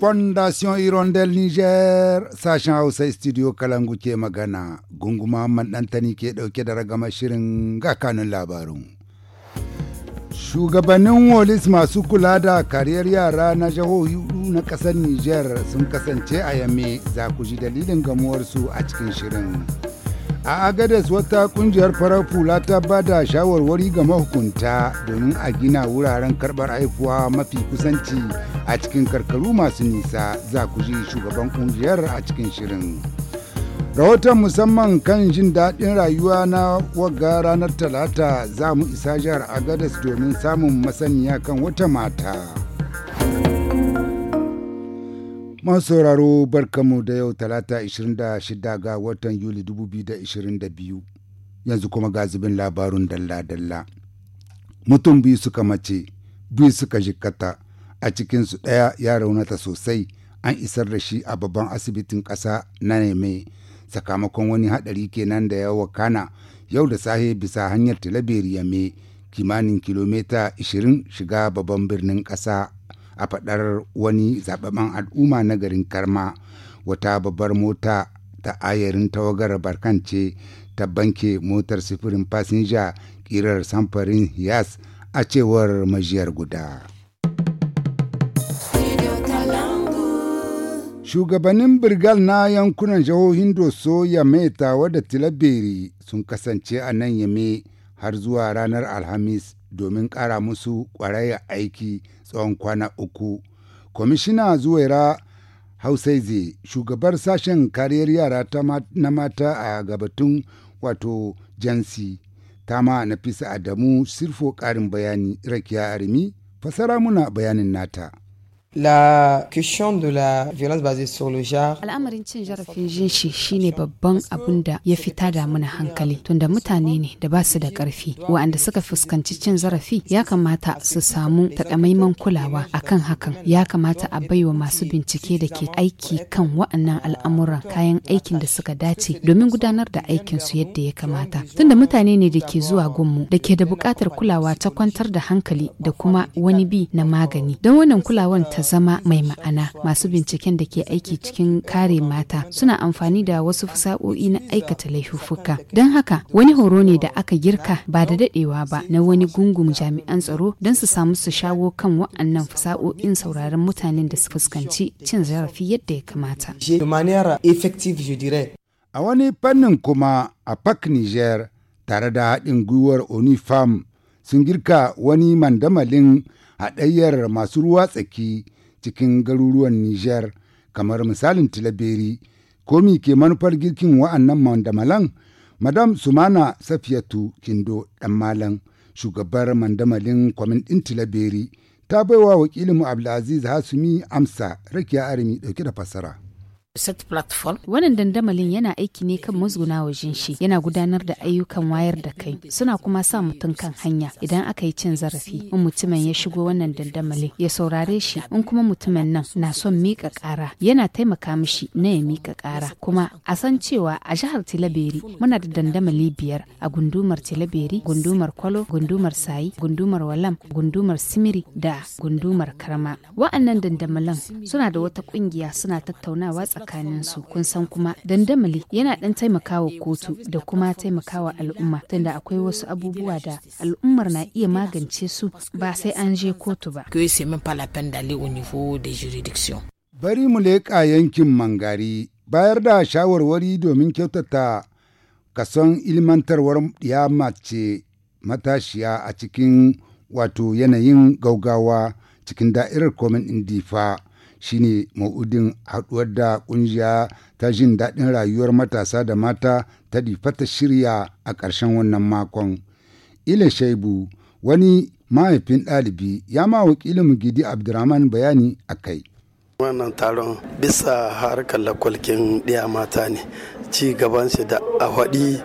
fondation irondel niger sashen hausa studio kalangu ke magana gunguma ɗantani ke ɗauke da ragama shirin ga kanun labarun shugabannin wolis masu kula da kariyar yara na jihohi na ƙasar niger sun kasance a yamme za ku ji dalilin gamuwarsu a cikin shirin a agadas wata kungiyar farar fula ta ba da shawarwari ga mahukunta domin a gina wuraren karbar haifuwa mafi kusanci a cikin karkaru masu nisa za ku ji shugaban kungiyar a cikin shirin rahoton musamman kan jin daɗin rayuwa na wagga ranar talata za mu isa jihar agadas domin samun masaniya kan wata mata Masu sauraro barkamu da yau talata 26 ga watan Yuli 2022 yanzu kuma ga zubin labarun dalla-dalla. Mutum biyu suka mace, biyu suka jikkata, a cikinsu ɗaya ya raunata sosai an isar da shi a babban asibitin ƙasa na neme sakamakon wani haɗari kenan da yawa kana yau da sahe bisa hanyar talabiri yame kimanin kilomita 20 shiga babban birnin ƙasa a faɗar wani zababben al'umma na garin karma wata babbar mota ta ayarin tawagar barkan ce ta banke motar sifirin fasinja kirar samfarin yas a cewar majiyar guda. Shugabannin Birgal na yankunan jihohin Doso, ya maita wadda Tilaberi sun kasance a nan Yame har zuwa ranar Alhamis domin ƙara musu ƙwarayar aiki tsawon kwana uku. Kwamishina Zuwaira Hausaize, shugabar sashen kariyar yara na mata a gabatun wato jansi, ta na Nafisa Adamu sirfo ƙarin bayani rakiya arimi, fasara muna bayanin nata. La question de Al'amarin cin zarafin jinshi shine babban abun da ya fita da mana hankali tunda mutane ne da basu da karfi waɗanda suka fuskanci cin zarafi ya kamata su samu takamaiman kulawa a kan hakan ya kamata a baiwa masu bincike da ke aiki kan waɗannan al'amuran kayan aikin da suka dace domin gudanar da aikinsu yadda ya kamata tunda mutane ne da ke zuwa gunmu da ke da buƙatar kulawa ta kwantar da hankali da kuma wani bi na magani don wannan kulawan ta ta zama mai ma'ana masu binciken da ke aiki cikin kare mata suna amfani da wasu fasa'o'i na aikata laifuffuka don haka wani horo ne da aka girka ba da dadewa ba na wani gungun jami'an tsaro don su samu su shawo kan wa'annan fasa'o'in sauraron mutanen da su fuskanci cin zarafi yadda ya kamata a wani fannin kuma a pak niger tare da haɗin gwiwar onifam sun girka wani mandamalin haɗayyar masu ruwa tsaki cikin garuruwan Nijar kamar misalin Tilaberi, komi ke manufar girkin wa'annan mandamalan Madam Sumana Safiyatu Kindo ɗan malam shugabar mandamalin kwamin ɗin Tilaberi ta baiwa wakilinmu Abdulaziz Hasumi amsa rakiya arimi ɗauke da fassara. set platform wannan dandamalin yana aiki ne kan musguna wa shi yana gudanar da ayyukan wayar da kai suna kuma sa mutum kan hanya idan aka yi cin zarafi in mutumin ya shigo wannan dandamalin ya saurare shi in kuma mutumin nan na son mika kara yana taimaka mishi na ya mika kara kuma a san cewa a jihar tilaberi muna da dandamali biyar a gundumar tilaberi gundumar kwalo gundumar sayi gundumar walam gundumar simiri da gundumar karma wa'annan dandamalin suna da wata kungiya suna tattaunawa tsakanin su kun san kuma dandamali yana ɗan taimakawa kotu da kuma taimakawa al'umma tunda akwai wasu abubuwa da al'ummar na iya magance su ba sai an je kotu ba bari mu leƙa yankin mangari bayar da shawarwari domin kyautata kason ilmantarwar ya mace matashiya a cikin wato yanayin gaugawa cikin da'irar komen indifa shine ma'udin haɗuwar da ƙungiya ta jin daɗin rayuwar matasa da mata ta difata shirya a ƙarshen wannan makon. Ila Shaibu wani mahaifin ɗalibi ya ma wakilin Gidi Abdurrahman bayani a kai. wannan taron bisa harkar lakwalkin ɗiya mata ne ci gaban shi da a haɗi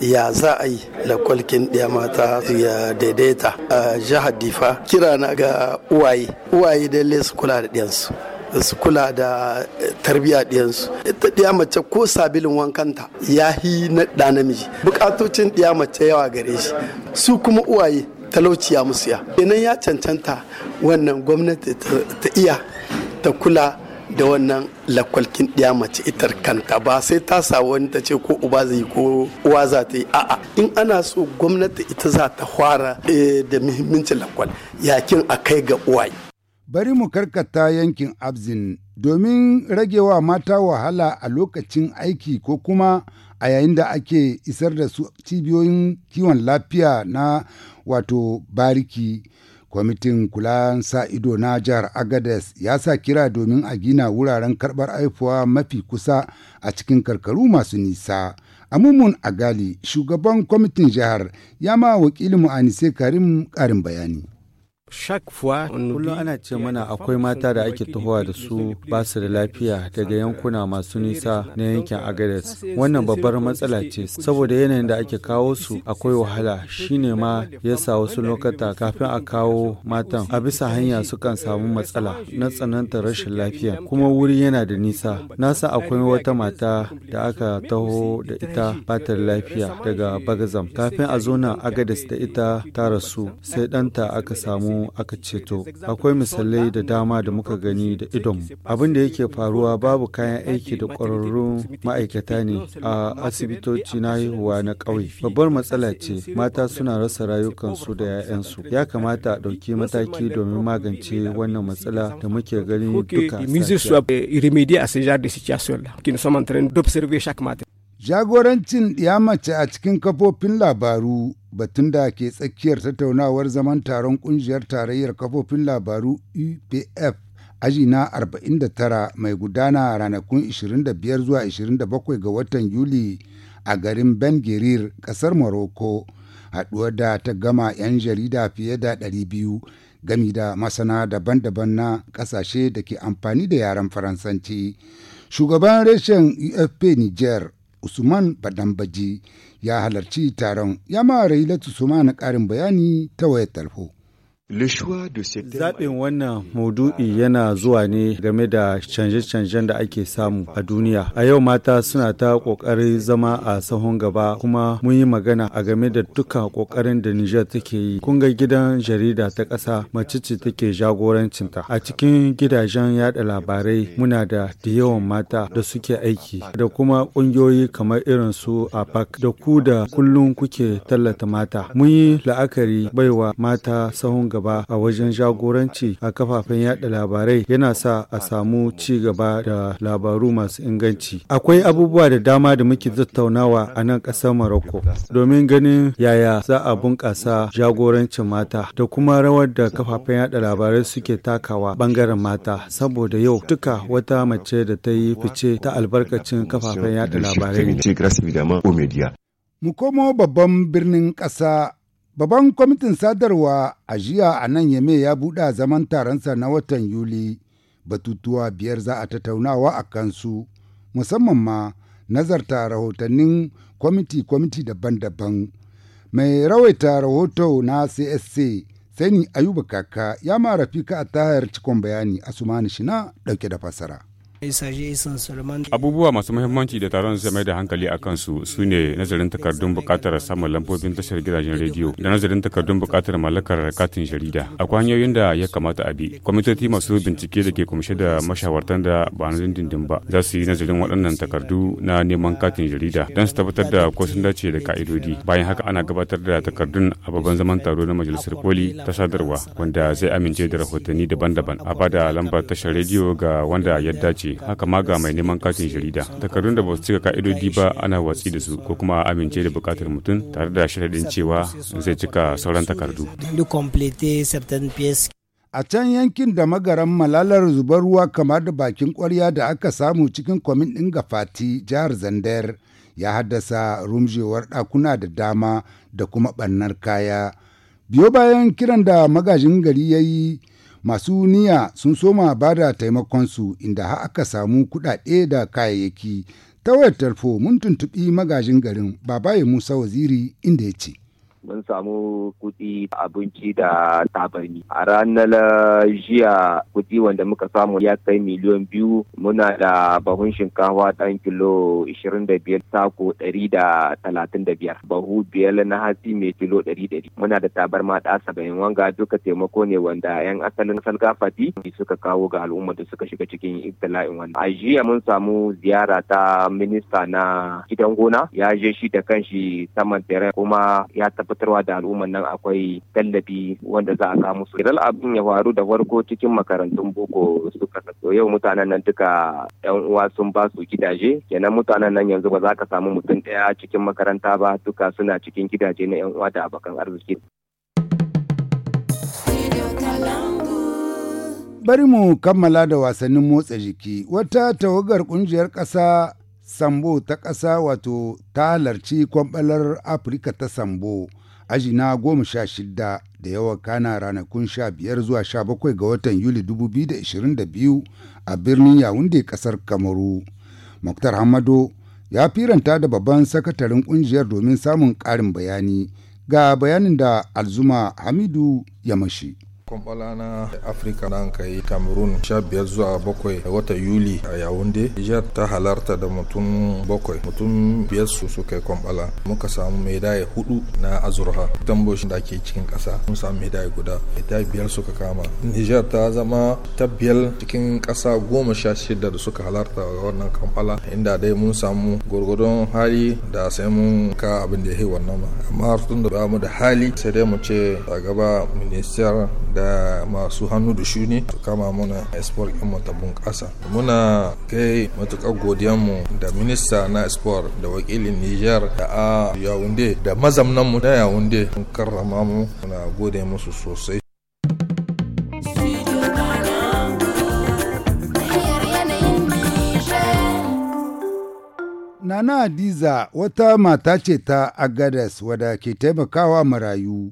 ya za a yi lakwalkin ɗiya mata ya daidaita a jihar difa kira na ga uwaye uwaye dai su kula da ɗiyansu su kula da eh, tarbiyya ɗiyansu ita ɗiya mace ko sabilin wankanta ya hi na ɗa namiji bukatocin ɗiya mace yawa gare shi su kuma uwaye talauciya musu ya kenan ya cancanta wannan gwamnati ta iya ta kula da wannan lakwalkin ɗiya mace itar kanta ba sai ta sa wani ta ce ko uba zai yi ko uwa za ta yi a'a in ana so gwamnati ita za ta fara eh, da muhimmancin lakwal yakin a kai ga uwaye bari mu karkata yankin abzin domin ragewa mata wahala a lokacin aiki ko kuma a yayin da ake isar da su cibiyoyin kiwon lafiya na wato bariki kwamitin kula sa ido na jihar agadez ya sa kira domin a gina wuraren karbar haifuwa mafi kusa a cikin karkaru masu nisa amumun agali shugaban kwamitin jihar ya ma wakilin mu anise karim karin bayani Kullum ana ce mana akwai mata da ake tahowa da su ba su da lafiya daga yankuna masu nisa na yankin Agadez. Wannan babbar matsala ce, saboda yanayin da ake kawo su akwai wahala shine ma ya sa wasu lokata kafin a kawo matan a bisa hanya sukan samu matsala na tsananta rashin lafiya kuma wuri yana da nisa. Nasa akwai wata mata da aka taho da ita batar lafiya daga Bagazam kafin a zo na agades da ita ta rasu sai ɗanta aka samu aka ceto akwai misalai da dama da muka gani da idon abin da yake faruwa babu kayan aiki da ƙwararrun ma'aikata ne a asibitoci na haihuwa na ƙauye babbar matsala ce mata suna rasa rayukansu da 'ya'yansu ya kamata a ɗauki mataki domin magance wannan matsala da muke gani duka Jagorancin ya mace a cikin kafofin labaru batun da ke tsakiyar tattaunawar zaman taron kungiyar tarayyar kafofin labaru UPF e aji na 49 mai gudana ranakun 25 zuwa 27 ga watan Yuli a garin Ben Gerir kasar Morocco haɗuwa da ta gama 'yan jarida fiye da 200 gami da masana daban-daban na ƙasashe da ke amfani da yaren Faransanci. Shugaban reshen UFP e Niger Usman Badambaji ya halarci taron ya ma Railatu Suma na ƙarin bayani ta wayar tarho. Zaɓin wannan maudu'i yana zuwa ne game da canje-canjen da ake samu a duniya. A yau mata suna ta ƙoƙarin zama a sahun gaba kuma mun yi magana a game da duka ƙoƙarin da Nijar take yi. Kun ga gidan jarida ta ƙasa mace ce take jagorancinta. A cikin gidajen yada labarai muna da da yawan mata da suke aiki da kuma ƙungiyoyi kamar irin su a APAC da ku da kullum kuke tallata mata. Mun yi la'akari baiwa mata sahun gaba gaba a wajen jagoranci a kafafen yada labarai yana sa a samu ci gaba da labaru masu inganci akwai abubuwa da dama da muke tattaunawa a nan ƙasar Morocco domin ganin yaya za a bunƙasa jagorancin mata da kuma rawar da kafafen yada labarai suke takawa bangaren mata saboda yau duka wata mace da ta yi fice ta albarkacin kafafen yada labarai. Mukomo babban birnin ƙasa Babban kwamitin sadarwa a jiya a nan Yame ya buɗe zaman taronsa na watan Yuli batutuwa biyar za a tattaunawa a kansu musamman ma nazarta rahotannin kwamiti-kwamiti daban-daban. Mai rawaita rahoto na CSC Sani Ayuba Kaka ya mara ka a tahayar cikon bayani Asumani Shina ɗauke da fasara. Abubuwa masu muhimmanci da taron zai mai da hankali a kansu su ne nazarin takardun bukatar samun lambobin tashar gidajen rediyo da nazarin takardun bukatar mallakar katin jarida. Akwai hanyoyin da ya kamata a bi. Kwamitoci masu bincike da ke kumshe da mashawartan da ba na dindindin ba za su yi nazarin waɗannan takardu na neman katin jarida don su tabbatar da ko sun dace da ka'idodi. Bayan haka ana gabatar da takardun a babban zaman taro na majalisar koli ta sadarwa wanda zai amince da rahotanni daban-daban a bada lambar tashar rediyo ga wanda ya dace haka ma ga mai neman katin jarida takardun da ba su cika ka'idodi ba ana watsi da su ko kuma amince da bukatar mutum tare da sharaɗin cewa zai cika sauran takardu a can yankin da magaran malalar zubar ruwa kamar da bakin kwarya da aka samu cikin kwamin ɗin gafati jihar zandar ya haddasa rumjewar ɗakuna da dama da kuma ɓannar kaya biyo bayan kiran da magajin gari ya yi masu niyya sun soma ba da taimakonsu inda har aka samu kuɗaɗe da kayayyaki ta wayar tarfo mun tuntuɓi magajin garin babaye musa waziri inda ya ce mun samu kuɗi abinci da tabarni a ranar jiya kuɗi wanda muka samu ya kai miliyon biyu muna da bahun shinkawa ɗan kilo 25 tako 135 bahu biyar na hatsi mai kilo 100 muna da tabarma ɗa saba'in wanga duka taimako ne wanda 'yan asalin salgafati suka kawo ga al'umma da suka shiga cikin ibtila'in wannan a jiya mun samu ziyara ta minista na gidan gona ya je shi da kanshi saman tere kuma ya tafi tabbatarwa da al'umman nan akwai tallafi wanda za a samu su idan abin ya faru da farko cikin makarantun boko suka kaso yau mutanen nan duka yan uwa sun ba su gidaje kenan mutanen nan yanzu ba za ka samu mutum ɗaya cikin makaranta ba duka suna cikin gidaje na yan uwa da abokan arziki Bari mu kammala da wasannin motsa jiki, wata tawagar kungiyar ƙasa sambo ta ƙasa wato ta halarci kwamɓalar Afirka ta sambo aji na goma sha shida da yawa kana ranakun sha biyar zuwa sha bakwai ga watan yuli biyu a birnin yawunde kasar kamaru muktar hamado ya firanta da babban sakatarin kungiyar domin samun ƙarin bayani ga bayanin da alzuma hamidu ya mashi. kwamfala na afirka nan kayi yi sha biyar zuwa bakwai a watan yuli a yawunde nijar ta halarta da mutum bakwai mutum biyar su suka yi kwamfala muka samu medaye hudu na azurha tamboshin da ke cikin kasa mun samu medaye guda medaya biyar suka kama nijar ta zama ta biyar cikin kasa goma sha shida da suka halarta a wannan kwamfala inda dai mun samu gwargwadon hali da sai mun ka abin da ya yi wannan ba amma tun da ba mu da hali sai dai mu ce a gaba ministiyar da masu hannu da shuni su kama muna sport yan mata bunƙasa muna kai matuƙar mu. da minista na sport da wakilin nijar. da a yawunde da mazamnan mu na yawunde mun karrama mu muna gode musu sosai Nana Adiza wata mata ce ta Agadas wadda ke taimakawa marayu.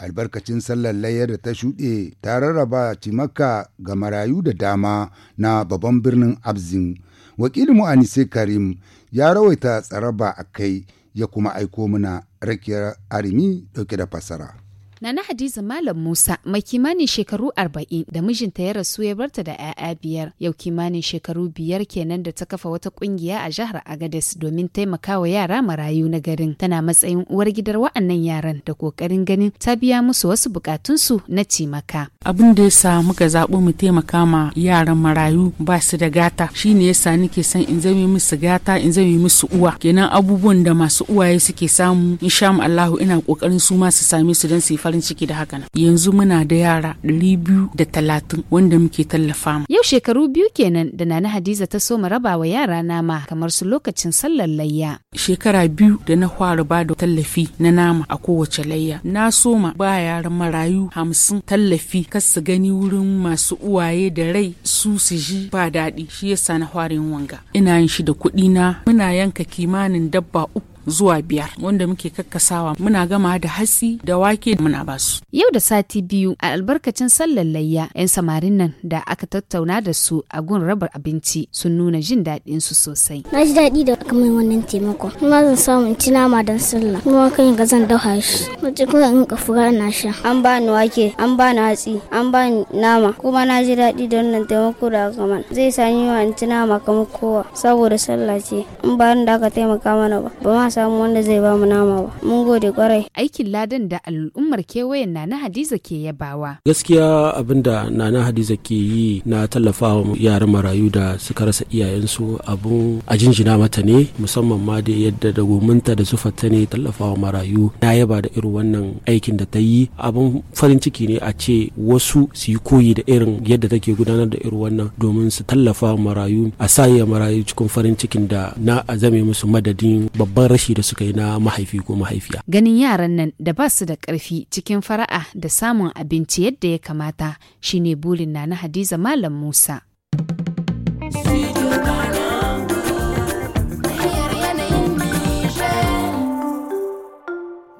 albarkacin sallar layar da ta shuɗe ta rarraba cimaka ga marayu da dama na babban birnin abzin wakilin mu anise karim ya rawaita tsaraba a kai ya kuma aiko mana rakiyar arimi ɗauke da fasara Nana Hadiza Malam Musa mai kimanin shekaru arba'in da mijinta ya rasu ya barta da 'ya'ya biyar yau kimanin shekaru biyar kenan da ta kafa wata kungiya a jihar Agadez domin taimakawa yara marayu na garin. Tana matsayin uwar gidar wa'annan yaran da kokarin ganin ta biya musu wasu bukatunsu na cimaka. Abin da ya sa muka zaɓo mu taimaka ma yaran marayu ba su da gata shine yasa nake san in zame musu gata in zame musu uwa kenan abubuwan da masu uwaye suke samu insha Allahu ina kokarin su ma su same su don su farin ciki da hakan yanzu muna da yara ɗari biyu da talatin wanda muke tallafa mu yau shekaru biyu kenan da nana hadiza ta soma rabawa wa yara nama kamar su lokacin sallar layya shekara biyu da na fara ba da tallafi na nama a kowace layya na soma ba yaran marayu hamsin tallafi kas su gani wurin masu uwaye da rai su su ji ba daɗi shi yasa na fara yin wanga ina yin shi da kuɗi na muna yanka kimanin dabba uku zuwa biyar wanda muke kakkasawa muna gama da hatsi da wake muna basu. Yau da sati biyu a albarkacin sallar layya 'yan samarin nan da aka tattauna da su a gun raba abinci sun nuna jin daɗin su sosai. Na ji daɗi da aka mai wannan taimako. Kuma zan samu in ci nama don sallah. Kuma kan ga zan dafa shi. Mace kuma in ka fura na sha. An ba ni wake, an ba ni hatsi, an ba ni nama. Kuma na ji daɗi da wannan taimako da aka mana. Zai sa wa in ci nama kamar kowa saboda sallah ce. In ba da aka taimaka mana ba. samu wanda zai ba mu nama ba mun gode kwarai aikin ladan da al'ummar kewayen na na hadiza ke yabawa gaskiya abinda nana hadiza ke yi na tallafawa yaran marayu da suka rasa iyayensu abun a jinjina mata ne musamman ma da yadda da gominta da sufatta ne tallafawa marayu na yaba da irin wannan aikin da ta yi abun farin ciki ne a ce wasu su yi koyi da irin yadda take gudanar da irin wannan domin su tallafa marayu a sa marayu cikin farin cikin da na azame musu madadin babban kashi da suka yi na mahaifi ko mahaifiya. Ganin yaran nan da ba su da ƙarfi cikin fara'a da samun abinci yadda ya kamata shine burin na na Hadiza Malam Musa.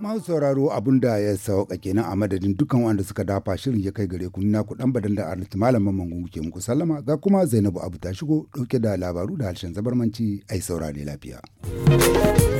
masu sauraro abun da ya sauka kenan a madadin dukkan wanda suka dafa shirin ya kai gare ku na ku dan badan da arnati malamin mangungu ke muku sallama ga kuma zainabu abu ta shigo dauke da labaru da harshen zabarmanci ai saurare lafiya.